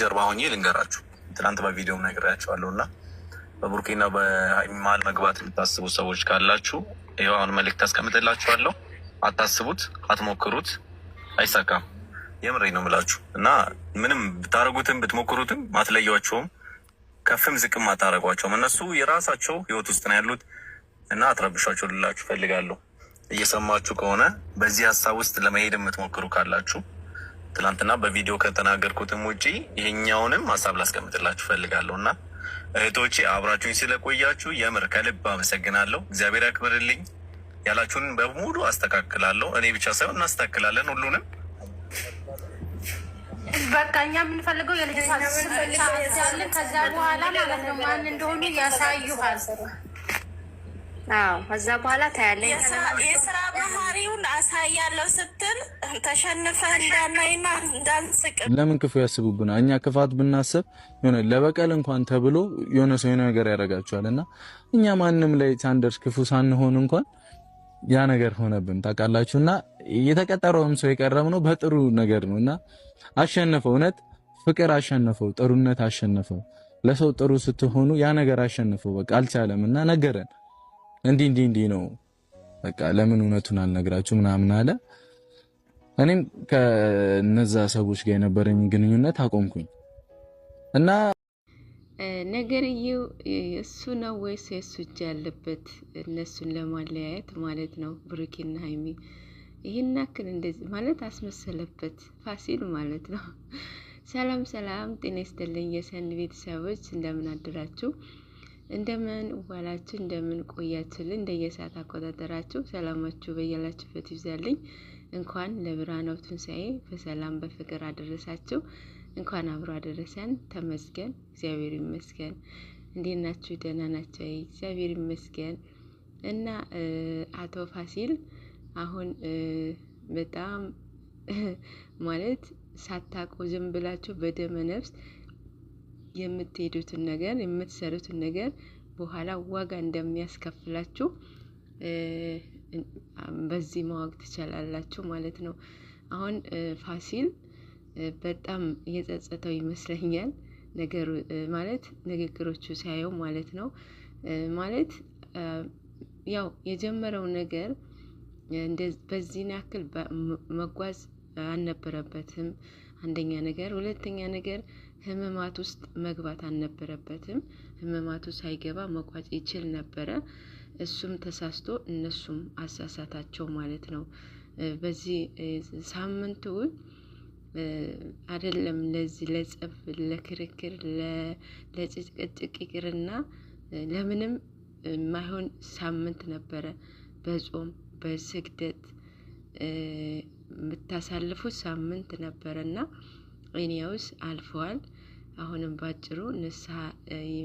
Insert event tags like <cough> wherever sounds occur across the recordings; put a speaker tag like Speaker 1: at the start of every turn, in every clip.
Speaker 1: ጀርባ ሆኜ ልንገራችሁ። ትናንት በቪዲዮም ነግሬያቸዋለሁ እና በቡርኪና በሀይሚ መሀል መግባት የምታስቡ ሰዎች ካላችሁ ይኸው አሁን መልእክት አስቀምጥላችኋለሁ። አታስቡት፣ አትሞክሩት፣ አይሳካም። የምሬ ነው ምላችሁ እና ምንም ብታደረጉትም ብትሞክሩትም አትለያቸውም፣ ከፍም ዝቅም አታደረጓቸውም። እነሱ የራሳቸው ህይወት ውስጥ ነው ያሉት እና አትረብሻቸው ልላችሁ ፈልጋለሁ። እየሰማችሁ ከሆነ በዚህ ሀሳብ ውስጥ ለመሄድ የምትሞክሩ ካላችሁ ትላንትና በቪዲዮ ከተናገርኩትም ውጪ ይሄኛውንም ሀሳብ ላስቀምጥላችሁ ፈልጋለሁ እና እህቶቼ አብራችሁኝ ስለቆያችሁ የምር ከልብ አመሰግናለሁ። እግዚአብሔር ያክብርልኝ። ያላችሁን በሙሉ አስተካክላለሁ። እኔ ብቻ ሳይሆን እናስተካክላለን ሁሉንም።
Speaker 2: በቃ እኛ የምንፈልገው የልጅ ሳለን ከዛ በኋላ ማለት ነው ማን እንደሆኑ ያሳዩሃል። ከዛ በኋላ ታያለኝ።
Speaker 3: የስራ ባህሪውን አሳያለሁ ስትል እንዳናይና እንዳንስቅ።
Speaker 1: ለምን ክፉ ያስቡብናል? እኛ ክፋት ብናስብ የሆነ ለበቀል እንኳን ተብሎ የሆነ ሰው የሆነ ነገር ያደርጋቸዋል እና እኛ ማንም ላይ ሳንደርስ ክፉ ሳንሆን እንኳን ያ ነገር ሆነብን ታውቃላችሁ። እና የተቀጠረውም ሰው ነው በጥሩ ነገር ነው እና አሸነፈው። እውነት ፍቅር አሸነፈው፣ ጥሩነት አሸነፈው። ለሰው ጥሩ ስትሆኑ ያ ነገር አሸነፈው። በቃ አልቻለም እና ነገረን እንዲህ እንዲህ እንዲህ ነው በቃ ለምን እውነቱን አልነግራችሁ ምናምን አለ። እኔም ከነዛ ሰዎች ጋር የነበረኝ ግንኙነት አቆምኩኝ እና
Speaker 4: ነገርዬው እሱ ነው ወይስ የሱ እጅ ያለበት እነሱን ለማለያየት ማለት ነው። ብሩኬና ሀይሚ ይህን ያክል እንደዚህ ማለት አስመሰለበት ፋሲል ማለት ነው። ሰላም ሰላም፣ ጤና ይስጥልኝ የሰን ቤተሰቦች እንደምን አድራችሁ? እንደምን ዋላችሁ፣ እንደምን ቆያችሁልን? እንደየሰዓት አቆጣጠራችሁ ሰላማችሁ በያላችሁበት ይብዛልኝ። እንኳን ለብርሃነው ትንሣኤ በሰላም በፍቅር አደረሳችሁ። እንኳን አብሮ አደረሰን። ተመስገን፣ እግዚአብሔር ይመስገን። እንዴት ናችሁ? ደህና ናቸው? እግዚአብሔር ይመስገን። እና አቶ ፋሲል አሁን በጣም <laughs> ማለት ሳታውቁ ዝም ብላችሁ በደመ ነፍስ የምትሄዱትን ነገር የምትሰሩትን ነገር በኋላ ዋጋ እንደሚያስከፍላችሁ በዚህ ማወቅ ትችላላችሁ ማለት ነው። አሁን ፋሲል በጣም የጸጸተው ይመስለኛል ነገሩ ማለት ንግግሮቹ ሲያየው ማለት ነው። ማለት ያው የጀመረው ነገር በዚህን ያክል መጓዝ አልነበረበትም። አንደኛ ነገር። ሁለተኛ ነገር ህመማት ውስጥ መግባት አልነበረበትም። ህመማቱ ሳይገባ መቋጭ ይችል ነበረ። እሱም ተሳስቶ እነሱም አሳሳታቸው ማለት ነው። በዚህ ውል አይደለም ለዚህ ለጸብ፣ ለክርክር፣ ለጭቅጭቅ ይቅርና ለምንም የማይሆን ሳምንት ነበረ። በጾም በስግደት የምታሳልፉት ሳምንት ነበረና ኤኒያውስ አልፈዋል። አሁንም ባጭሩ ንስሐ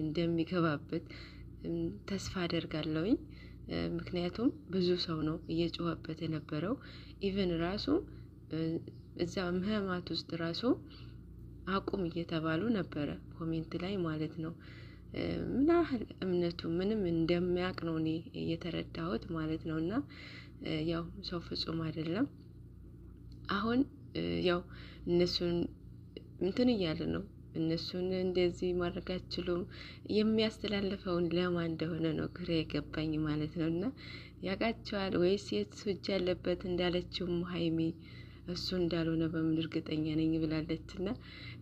Speaker 4: እንደሚገባበት ተስፋ አደርጋለሁኝ። ምክንያቱም ብዙ ሰው ነው እየጮኸበት የነበረው። ኢቨን ራሱ እዛ ምህማት ውስጥ ራሱ አቁም እየተባሉ ነበረ ኮሜንት ላይ ማለት ነው። ምን ያህል እምነቱ ምንም እንደሚያውቅ ነው እኔ እየተረዳሁት ማለት ነው። እና ያው ሰው ፍጹም አይደለም። አሁን ያው እነሱን እንትን እያለ ነው እነሱን እንደዚህ ማድረግ አትችሉም። የሚያስተላልፈውን ለማን እንደሆነ ነው ግራ የገባኝ ማለት ነው። እና ያውቃቸዋል ወይስ የት እጅ ያለበት እንዳለችውም ሀይሚ እሱ እንዳልሆነ በምን እርግጠኛ ነኝ ብላለች። እና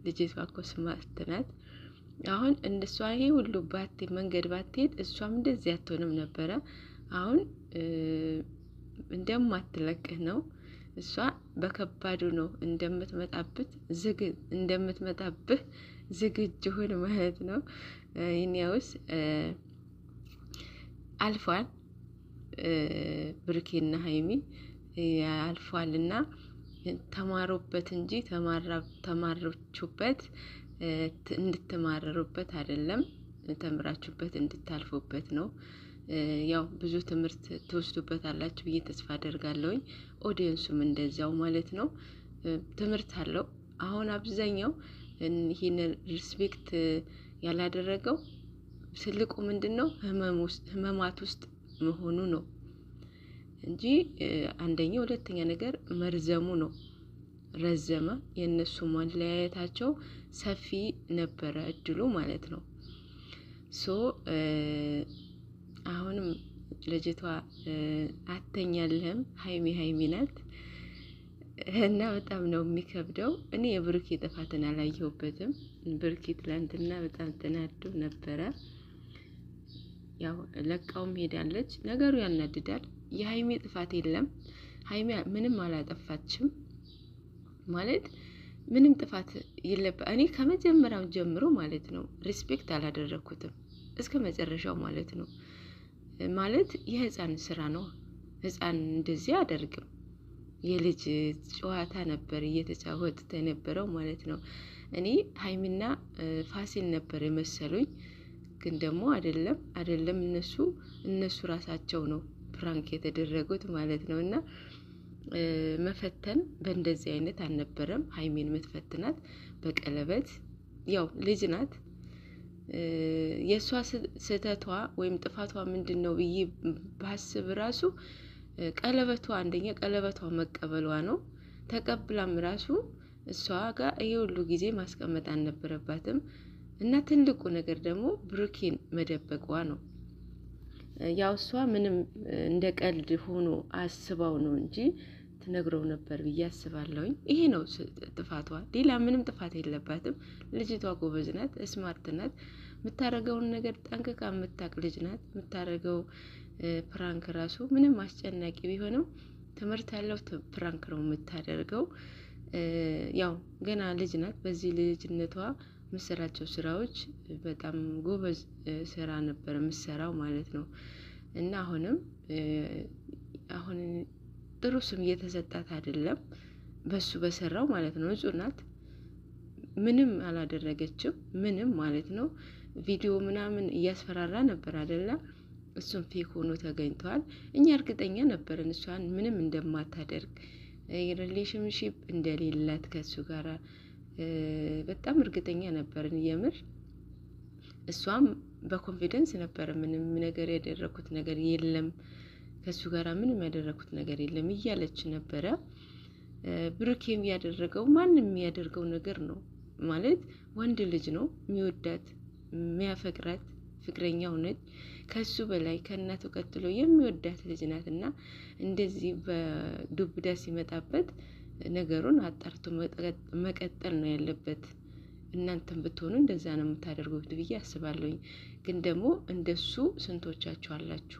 Speaker 4: ልጅቷ እኮ ስማርት ናት። አሁን እነሷ ይሄ ሁሉ ባት መንገድ ባትሄድ እሷም እንደዚህ አትሆንም ነበረ። አሁን እንደማትለቅህ ነው እሷ በከባዱ ነው እንደምትመጣብት ዝግ እንደምትመጣብህ ዝግጁ ሁን ማለት ነው። ይኒያውስ አልፏል ብርኬና ሀይሚ አልፏልና ተማሩበት እንጂ ተማረችበት እንድትማረሩበት አይደለም፣ ተምራችሁበት እንድታልፉበት ነው። ያው ብዙ ትምህርት ትወስዱበት አላችሁ ብዬ ተስፋ አደርጋለሁኝ። ኦዲየንሱም እንደዚያው ማለት ነው ትምህርት አለው። አሁን አብዛኛው ይህንን ሪስፔክት ያላደረገው ትልቁ ምንድን ነው ህመማት ውስጥ መሆኑ ነው እንጂ አንደኛ፣ ሁለተኛ ነገር መርዘሙ ነው። ረዘመ። የእነሱ መለያየታቸው ሰፊ ነበረ እድሉ ማለት ነው ሶ አሁንም ልጅቷ አተኛልህም ሀይሚ ሀይሚ ናት እና በጣም ነው የሚከብደው። እኔ የብሩኬ ጥፋትን አላየሁበትም። ብሩኬ ትላንትና በጣም ተናዶ ነበረ። ያው ለቃውም ሄዳለች። ነገሩ ያናድዳል። የሀይሚ ጥፋት የለም። ሀይሚ ምንም አላጠፋችም ማለት ምንም ጥፋት የለበ እኔ ከመጀመሪያው ጀምሮ ማለት ነው ሪስፔክት አላደረግኩትም እስከ መጨረሻው ማለት ነው። ማለት የህፃን ስራ ነው። ህፃን እንደዚህ አያደርግም። የልጅ ጨዋታ ነበር እየተጫወቱት የነበረው ማለት ነው። እኔ ሀይሚና ፋሲል ነበር የመሰሉኝ፣ ግን ደግሞ አይደለም አይደለም። እነሱ እነሱ ራሳቸው ነው ፕራንክ የተደረጉት ማለት ነው። እና መፈተን በእንደዚህ አይነት አልነበረም። ሀይሚን ምትፈትናት በቀለበት ያው ልጅ ናት። የእሷ ስህተቷ ወይም ጥፋቷ ምንድን ነው ብዬ ባስብ ራሱ ቀለበቷ አንደኛ ቀለበቷ መቀበሏ ነው። ተቀብላም ራሱ እሷ ጋር ይሄ ሁሉ ጊዜ ማስቀመጥ አልነበረባትም። እና ትልቁ ነገር ደግሞ ብሩኬን መደበቋ ነው። ያው እሷ ምንም እንደ ቀልድ ሆኖ አስባው ነው እንጂ ትነግረው ነበር ብዬ አስባለሁኝ። ይሄ ነው ጥፋቷ። ሌላ ምንም ጥፋት የለባትም። ልጅቷ ጎበዝ ናት፣ ስማርት ናት። የምታደርገውን ነገር ጠንቅቃ የምታቅ ልጅ ናት። የምታደርገው ፕራንክ ራሱ ምንም አስጨናቂ ቢሆንም ትምህርት ያለው ፕራንክ ነው የምታደርገው። ያው ገና ልጅ ናት። በዚህ ልጅነቷ የምሰራቸው ስራዎች በጣም ጎበዝ ስራ ነበር የምሰራው ማለት ነው እና አሁንም አሁን ጥሩ ስም እየተሰጣት አይደለም፣ በሱ በሰራው ማለት ነው። ንጹህ ናት፣ ምንም አላደረገችም ምንም ማለት ነው። ቪዲዮ ምናምን እያስፈራራ ነበር አይደለም? እሱም ፌክ ሆኖ ተገኝተዋል። እኛ እርግጠኛ ነበርን እሷን ምንም እንደማታደርግ ሪሌሽንሽፕ እንደሌላት ከሱ ጋር በጣም እርግጠኛ ነበርን የምር እሷም በኮንፊደንስ ነበር። ምንም ነገር ያደረኩት ነገር የለም ከእሱ ጋር ምንም ያደረኩት ነገር የለም እያለች ነበረ። ብሩክ የሚያደረገው ማንም የሚያደርገው ነገር ነው ማለት ወንድ ልጅ ነው የሚወዳት የሚያፈቅራት ፍቅረኛው ነች። ከሱ በላይ ከእናቱ ቀጥሎ የሚወዳት ልጅ ናት እና እንደዚህ በዱብዳ ሲመጣበት ነገሩን አጣርቶ መቀጠል ነው ያለበት። እናንተም ብትሆኑ እንደዛ ነው የምታደርጉት ብዬ አስባለሁኝ። ግን ደግሞ እንደሱ ስንቶቻችሁ አላችሁ?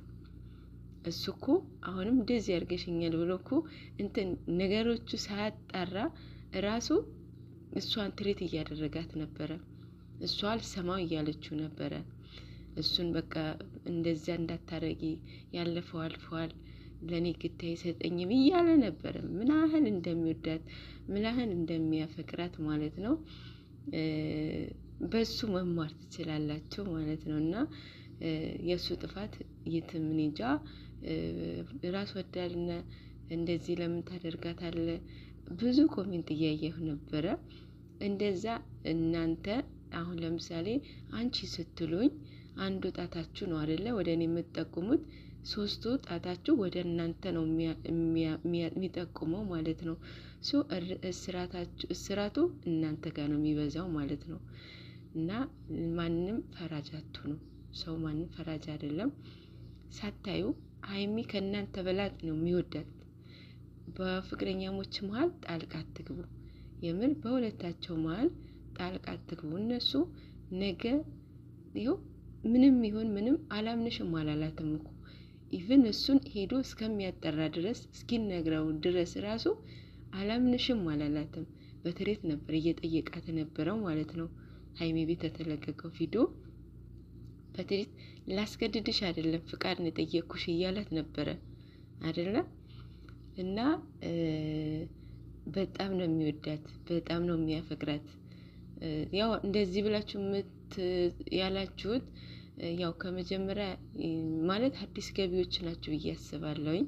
Speaker 4: እሱ እኮ አሁንም እንደዚህ ያርገሽኛል ብሎ እኮ እንትን ነገሮቹ ሳያጣራ ራሱ እሷን ትሬት እያደረጋት ነበረ። እሷ አልሰማው እያለችው ነበረ። እሱን በቃ እንደዚያ እንዳታረጊ ያለፈው አልፈዋል ለእኔ ግድ አይሰጠኝም እያለ ነበረ። ምን ያህል እንደሚወዳት ምን ያህል እንደሚያፈቅራት ማለት ነው። በሱ መማር ትችላላቸው ማለት ነው። እና የእሱ ጥፋት የትምኔጃ ራስ ወዳድነ እንደዚህ ለምን ታደርጋታለ? ብዙ ኮሜንት እያየሁ ነበረ። እንደዛ እናንተ አሁን ለምሳሌ አንቺ ስትሉኝ አንዱ ጣታችሁ ነው አደለ ወደ እኔ የምትጠቁሙት ሶስቱ ጣታችሁ ወደ እናንተ ነው የሚጠቁመው ማለት ነው። ሶ እስራቱ እናንተ ጋር ነው የሚበዛው ማለት ነው። እና ማንም ፈራጃ አትሁኑ። ሰው ማንም ፈራጅ አይደለም። ሳታዩ ሀይሚ ከእናንተ በላጭ ነው የሚወዳት። በፍቅረኛሞች መሀል ጣልቃ አትግቡ። የምር በሁለታቸው መሀል ጣልቃ አትግቡ። እነሱ ነገ ይኸው ምንም ይሁን ምንም አላምንሽም አላላትም እኮ ኢቨን እሱን ሄዶ እስከሚያጠራ ድረስ እስኪነግረው ድረስ ራሱ አላምንሽም አላላትም። በትሬት ነበር እየጠየቃት የነበረው ማለት ነው። ሀይሚ ቤት የተለቀቀው ቪዲዮ በትዕቢት ላስገድድሽ አይደለም ፍቃድ ነው የጠየቅኩሽ እያላት ነበረ አይደለም። እና በጣም ነው የሚወዳት፣ በጣም ነው የሚያፈቅራት። ያው እንደዚህ ብላችሁ ምት ያላችሁት ያው ከመጀመሪያ ማለት አዲስ ገቢዎች ናችሁ ብዬ አስባለሁኝ።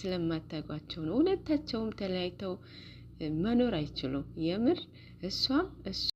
Speaker 4: ስለማታውቋቸው ነው። ሁለታቸውም ተለያይተው መኖር አይችሉም። የምር እሷም